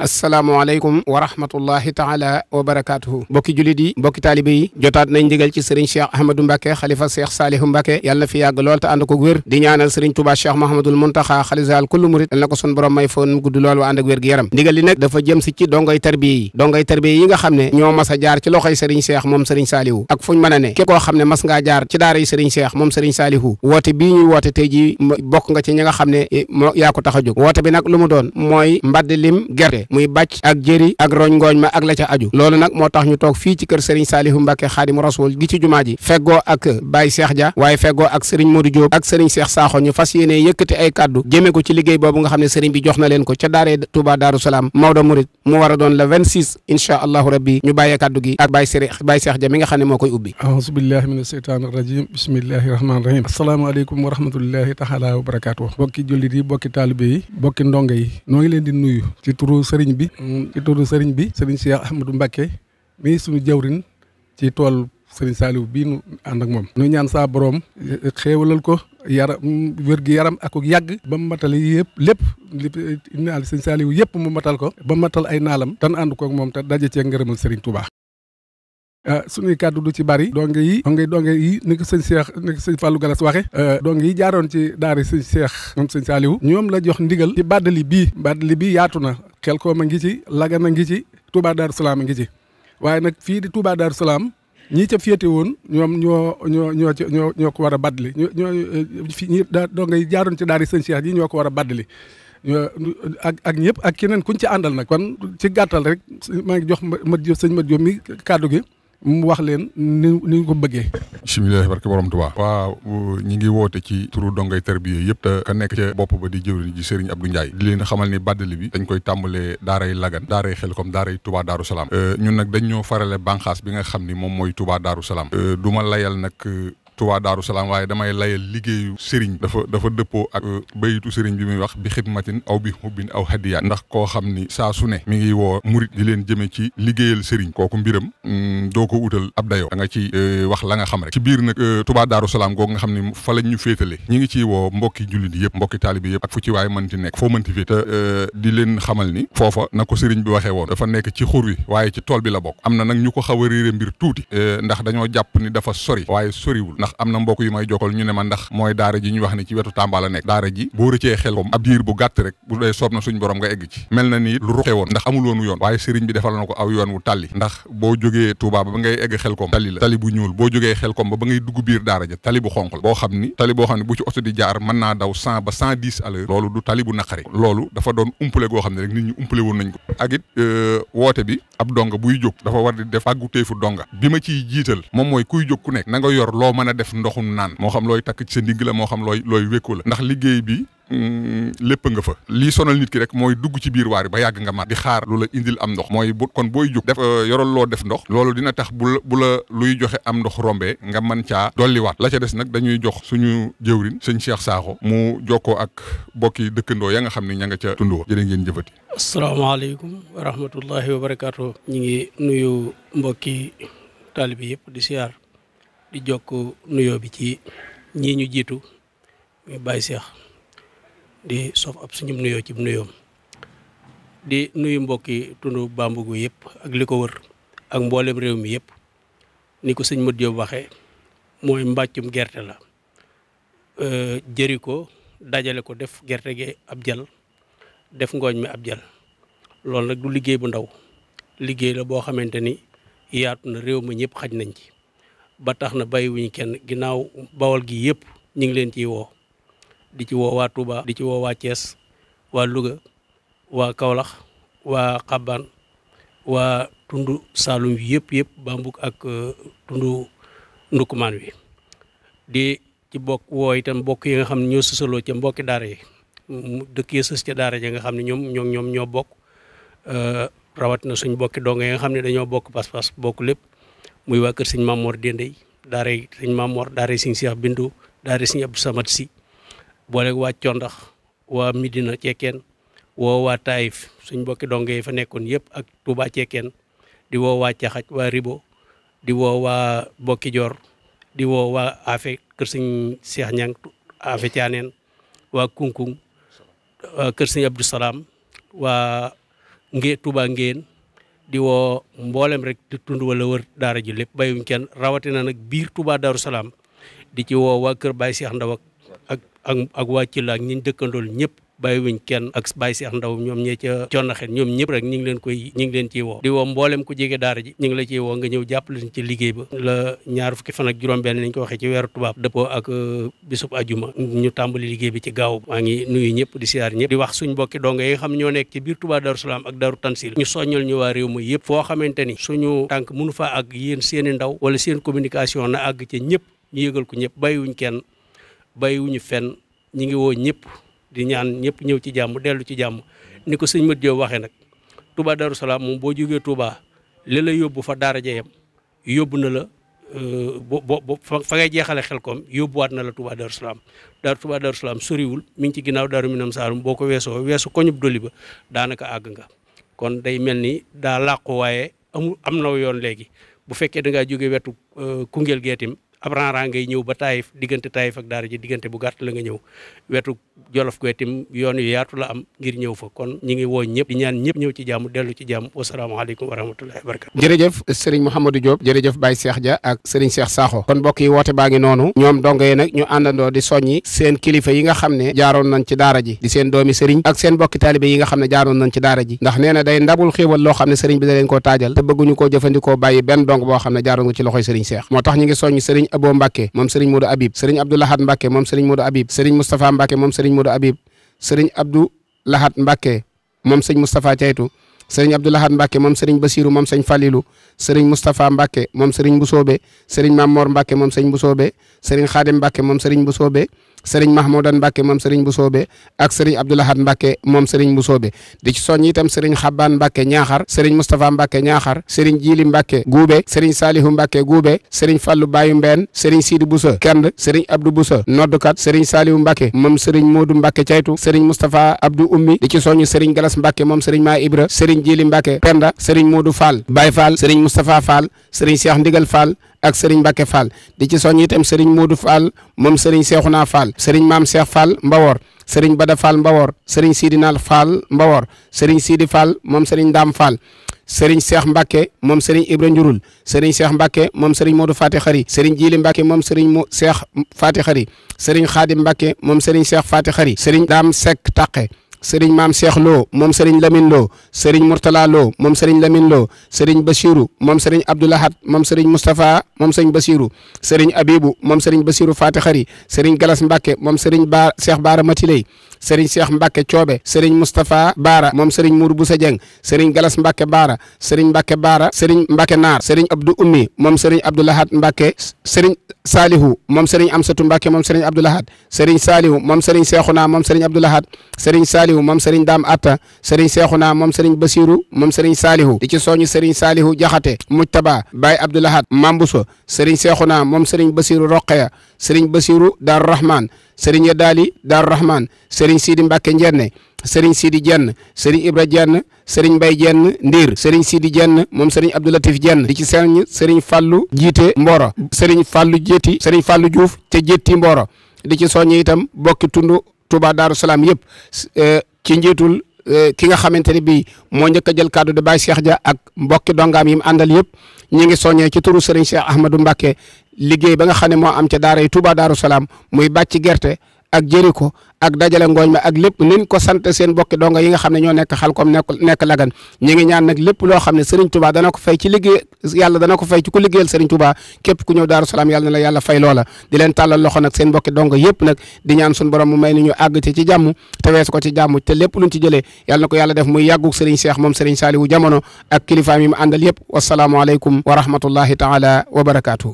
asalaamaaleykum wa rahmatullahi taala wa barakaatuhu mbokki jullit yi mbokki taalibe yi jotaat nañ ndigal ci sëriñ cheikh ahmadou mbàkke xalifa cheikh saalihu mbàkke yàlla na fi yàgg lool te ànd ko wér di ñaanal sëriñ touba cheikh mahamadul muntaxa xalisaal kullu murit yal na ko sun borom may foon mu gudd lool wa ànd ak gi yaram ndigal li nag dafa jëm ci dongoy tarbiye yi dongoy tarbiye yi nga xam ne ñoo mas a jaar ci loxoy sëriñ cheikh moom sëriñ saalihu ak fuñ mën a ne képp koo xam ne mas ngaa jaar ci daara yi sëriñ cheikh bokk nga nga xam ne eh, yaa ko tax a jóg woote bi nag lu mu doon mooy mbadd lim gerte muy bàcc ak jëri ak roñ ngooñ ma ak la aju loolu nag moo tax ñu toog fii ci kër Serigne Salihu Mbacke Xaadimu Rasul gi ci jumaa ji feggoo ak Baye Cheikh Dia waaye feggoo ak Serigne Modou Diop ak Serigne Cheikh Sakho ñu fas yéene yëkkati ay kàddu jëme ko ci liggéey boobu nga xam ne Serigne bi jox na leen ko ca daaree Touba Darou Salaam Maodo Mourid mu war a doon le 26 incha allahu rabbi ñu bàyyee kàddu gi ak Baye Cheikh Baye Cheikh nga xam ne moo koy ubbi aouzu billahi di nuyu sëriñ bi mm. ci turu sëriñ bi sëriñ Cheikh Ahmadou Mbacke mii ci tool sëriñ Saliou bii nu ànd moom nu ñaan saa boroom eh, xéewalal ko yaram wér gi yaram ak yàgg ba mu matal yëpp lépp li eh, naal sëriñ Saliou yëpp mu matal ko ba matal ay naalam tan ànd kook moom te daje cee ngërëmal sëriñ Touba. Ah, suñuy kàddu du ci bari donge yi donge yi ni sëñ Cheikh ni sëñ Fallou Galas waxe eh, donge yi jaaroon ci daari sëñ Cheikh sëñ Saliou ñoom la jox ndigal ci bàddali bii bàddali bii yaatu na Xelkom a ngi ci Lagana ngi ci Touba Darou Salaam a ngi ci waaye nag fii di Touba Darou Salaam ñii ca féete woon ñoom ñoo ñoo ñoo ñoo ñoo ko war a baddali ñoo ñoo fi ñi daa doo ngay jaaroon ci daari sëñ Cheikh yi ñoo ko war a baddali ak ak ñëpp ak keneen kuñ ci àndal nag kon ci gàttal rek maa ngi jox ma ma sëñ Mat Diop mi kàddu gi. mu wax leen ni ni ñu ko bëggee bisimilah barke borom Tuubaa waaw ñi ngi woote ci turu dongay tarbiye yëpp te ka nekk ca bopp ba di jëwriñ ji Serigne Abdou Ndiaye di leen xamal ni bàddali bi dañ koy tàmbalee daaray lagan daaray xelkom daaray tubaa Daaru Salaam ñun nag dañ farale banqaas bi nga xam ni moom mooy tubaa Daaru Salaam du ma layal nag Touba Daaru Salaam waaye damay layal liggéeyu sëriñ dafa dafa dëppoo ak euh, bayitu sëriñ bi muy wax bi xidmatin aw bi xubbin aw hadiya ndax koo xam ni saa su ne mi ngi woo murit di leen jëme ci liggéeyal sëriñ kooku mbiram mm, doo ko utal ab dayoo da nga ci euh, wax la nga xam rek ci biir nag euh, Touba Daaru Salaam googu nga xam ne fa lañ ñu féetale ñi ngi ciy woo mbokki jullit yëpp mbokki taalibi yëpp ak fu ci waaye mënti nekk foo mënti féete di leen xamal ni foofa nako ko sëriñ bi waxee woon dafa nekk ci xur wi waaye ci tool bi la bokk am na nag ñu xaw a réere mbir tuuti ndax dañoo jàpp ni dafa sori waaye soriwul am na mbokk yu may jokal ñu ne ma ndax mooy daara ji ñu wax ne ci wetu Tamba la nekk daara ji boo rëccee xel kom ab bu gàtt rek bu dee soob na suñ borom nga egg ci mel ni lu ruxee woon ndax amul yoon waaye sëriñ bi defal ko aw yoon wu tàlli ndax boo jógee Touba ba ba ngay egg xel kom tali la tali bu ñuul boo jógee xel kom ba ba ngay dugg biir daara ja tali bu xonq la boo xam ni tali boo xam ne bu ci oto di jaar mën naa daw ba cent dix à loolu du tali bu naqari loolu dafa doon umpale euh, bi ab donga buy jóg moom mooy kuy jóg ku nekk na nga loo def ndoxum naan moo xam looy takk ci sa ndigg la moo xam looy looy wékku la ndax liggéey bi mm, lépp fa lii sonal nit ki rek mooy dugg ci biir waar yi ba yàgg nga mat di xaar lu la indil am ndox mooy bu kon booy jóg def euh, yoral loo def ndox loolu dina tax bu la la luy joxe am ndox rombee nga ca caa dolliwaat la ca des nag dañuy jox suñu jëwrin sëñ Cheikh Sakho mu jokkoo ak bokki dëkkandoo ya nga xam ne ña nga ca tund wa jërë ngeen jëfati asalaamaaleykum wa rahmatullahi wa barakaatu ñi di jokk nuyoo bi ci ñii ñu jiitu muy Baye Cheikh di sof ab suñu nuyoo ci nuyoom di nuyu mbokki tundu Bambougou yëpp ak li ko wër ak mboolem réew mi yëpp ni ko sëñ Modou Diop waxee mooy mbàccum gerte la jëri ko dajale ko def gerte gi ab jal def ngooñ mi ab jal loolu nag du liggéey bu ndaw liggéey la boo xamante ni yaatu na réew ma ñëpp xaj nañ ci ba tax na bàyyiwuñu kenn ginnaaw bawal gi yëpp ñu ngi leen ciy woo di ci woo waa Touba di ci woo waa Thiès waa Louga waa kawlax waa Xabaan waa tund Saalum wi yëpp yëpp Bambuk ak euh, tundu Ndukkumaan wi di ci bokk woo itam mbokk yi nga xam ne ñoo sësaloo ca mbokki daara yi dëkk yi sës ca daara ja nga xam ne ñoom ñoom ñoom ñoo bokk euh, rawat na suñ bokki dong ya nga xam ne dañoo bokk pas-pas bokk lépp muy waa kër sëñ Mamor Dendey daaray sëñ Mamor daaray sëñ Cheikh Bintu daaray sëñ Abdou Samad Si booleeg waa Condax waa Midina Cekkeen woo waa Taïf suñ bokki donge yi fa nekkoon yëpp ak Touba Cekkeen di woo waa Caxaj waa Ribo di woo waa Bokki Joor di woo waa Afe kër sëñ Cheikh Ñang Afe Caaneen waa Kunkung kër sëñ Abdou Salaam waa Ngé Touba di woo mboolem rek di tund wala wër daara ji lépp bayuñ kenn rawatina nag biir Touba Darou Salaam di ci woo waa kër Baye Cheikh Ndaw ak ak ak waa Cilla ak ñi dëkkandool ñëpp bàyyiwuñ kenn ak bàyyi si ak ndaw ñoom ñee ñoom ñëpp rek ñi ngi leen koy ñi ngi leen ciy woo di woo mboolem ku jege daara ji ñi ngi la ciy woo nga ñëw jàppale ci liggéey ba la ñaar fukki fan ak juróom-benn lañ ko waxee ci weeru tubaab dëppoo ak euh, bisub ajuma ñu tàmbali liggéey bi ci gaaw maa ngi nuyu ñëpp di siyaar ñëpp di wax suñ mbokki donga yi nga xam ñoo nekk ci biir Touba Darou Salam ak Darou Tansil ñu soññal ñu waa réew ma yëpp foo xamante ni suñu tànk mënu faa ak yéen seeni ndaw wala seen communication na àgg ca ñëpp ñu yëgal ko ñëpp bàyyiwuñ kenn bàyyiwuñu fenn ñi ngi woo ñëpp di ñaan ñëpp ñëw ci jàmm dellu ci jàmm ni ko sëñ Mat Joob waxee nag Touba Darou Salaam moom boo jógee Touba li la yóbbu fa daara jeyam yóbbu na la euh, bo bo fa ngay jeexale xel koom yóbbuwaat na la Touba Darou Salaam daar Touba Darou Salaam soriwul mi ngi ci ginnaaw Daaru Minam Saalum boo ko weesoo weesu koñub doli ba daanaka àgg nga kon day mel ni daa làqu waaye amul am na yoon léegi bu fekkee dangaa ngaa jóge wetu euh, Koungheul geetim ab ranran ngay ñëw ba Taïf diggante Taïf ak daara bu gàtt nga ñëw wetu jolof koy tim yu yaatu la am ngir ñëw fa kon ñi woo ñëpp di ñaan ñëpp ñëw ci jàmm dellu ci jàmm wasalaamaaleykum wa rahmatullahi wa barakatu jërëjëf sëriñ Mouhamadou Diop jërëjëf Baye Cheikh Dia ak sëriñ Cheikh Sakho kon mbokk yi woote baa ngi noonu ñoom dongo yi nag ñu àndandoo di soññi seen kilifa yi nga xam ne jaaroon nañ ci daara ji di seen doomi sëriñ ak seen bokki taalibe Abo Mbacke moom Serigne Modou Habib Serigne Abdou Lahad Mbacke moom Serigne Modou Habib Serigne Moustapha Mbacke moom Serigne Modou Habib Serigne Abdou Lahad Mbacke moom Serigne Moustapha Caytu Serigne Abdou Lahad Mbacke moom Serigne Bassirou moom Serigne Falilou Serigne Moustapha Mbacke moom Serigne Bousobe Serigne Mamor Mbacke moom Serigne Bousobe Serigne Khadim Mbacke moom Serigne Bousobe sëriñ Mahmoudan Mbacke moom sëriñ bu soobe ak sëriñ Abdoulahad Mbacke moom sëriñ bu soobe di ci soññ itam sëriñ Xabbaan Mbacke ñaaxar sëriñ Moustapha Mbacke ñaaxar sëriñ Jili Mbacke Guube sëriñ Salihu Mbacke Guube sëriñ Fallu Bayu Mbeen sëriñ Sidi Boussa Kend sëriñ Abdou Boussa noddukat sëriñ Salihu Mbacke moom sëriñ Modou Mbacke caytu sëriñ Moustapha Abdou Ummi di ci soññ sëriñ Galas Mbacke moom sëriñ Maa Ibra sëriñ Jili Mbacke Penda sëriñ Modou faal Baye Fall sëriñ Moustapha Fall sëriñ Cheikh Ndigal Fall ak Serigne Mbacke Fall di ci soñ itam Serigne Modou Fall moom Serigne Cheikhouna Fall Serigne Maam Cheikh Fall Mbawor Serigne Bada Fall Mbawor Serigne naal Fall Mbawor Serigne Sidi Fall moom Serigne Dame Fall. Serigne Cheikh Mbacke moom Serigne Ibra Njurul Serigne Cheikh mbake moom Serigne Modou Fati Xari Serigne Jili Mbacke moom Serigne mo Cheikh Fati Xari seriñ Khadim Mbacke moom Serigne Cheikh Fati Xari Serigne Dame sek Taqe. sëriñ maam Cheikh Lo moom sëriñ Lamine Lo sëriñ Mourtala Lo moom sëriñ Lamine Lo sëriñ Bassirou moom sëriñ Abdoulahad moom sëriñ Moustapha moom sëriñ Bassirou sëriñ Abibou moom sëriñ Bassirou Fatixari sëriñ Galas Mbacke moom sëriñ Ba Cheikh Baara Matiley sëriñ Cheikh Mbacke Coobe sëriñ Moustapha Baara moom sëriñ Mour Boussa Dieng sëriñ Galas mbake Baara sëriñ Mbacke Baara sëriñ Mbacke Naar sëriñ Abdou Ummi moom sëriñ Abdoulahad mbake sëriñ Saalihu moom Serigne Amsatu Mbacke moom Serigne Abdoul Ahad Serigne Saalihu moom Serigne Seexuna moom Serigne Abdoul Ahad Serigne Saalihu moom Serigne Daam Atta Serigne Seexuna moom Serigne Basiru moom Serigne Saalihu di ci soñu Serigne Saalihu Jaxate Mujtaba Baye Abdoul Ahad Mambuso Serigne Seexuna moom Serigne Basiru Roqeya Serigne Basiru Daaru Rahman Serigne Yadaali Daaru Rahman Serigne Sidi Mbacke Njerne Serigne Sidi Dieng Serigne Ibra Dieng Serigne Mbaye Dieng Ndiir Serigne Sidi jenn moom Serigne Abdou jenn Dieng di ci sëriñ Serigne Fallou jiite mbooro Serigne Fallou Jéti Serigne Fallou Diouf te Jéti Mboro di ci soññi itam bokki tundu Touba Darou Salaam yëpp e, ci njiitul e, ki nga xamante ne bii moo njëkk a jël kàddu de Baye Cheikh Dia ak mbokki dongaam yi mu àndal yëpp ñi ngi soññee ci turu Serigne Cheikh Ahmadou Mbacké liggéey ba nga xam ne moo am ca daara yi Touba Darou Salaam muy bàcc gerte. ak jëri ko ak dajale ngooñ ma ak lépp niñ ko sant seen bokki donga yi nga xam ne ñoo nekk xalkom nekk nekk lagan ñi ngi ñaan nag lépp loo xam ne Serigne Touba dana ko fay ci liggéey yàlla dana ko fay ci ku liggéeyal Serigne Touba képp ku ñëw Daaru Salaam yàlla na la yàlla fay loola di leen tàllal loxo nag seen bokki donga yëpp nag di ñaan suñu borom mu may ni ñu àgg ci ci jàmm te weesu ko ci jàmm te lépp luñ ci jëlee yàlla ko yàlla def muy yàggug Serigne Cheikh moom Serigne Saliou jamono ak kilifaam yi mu àndal yëpp wasalaamualeykum wa rahmatullahi taala wa barakaatu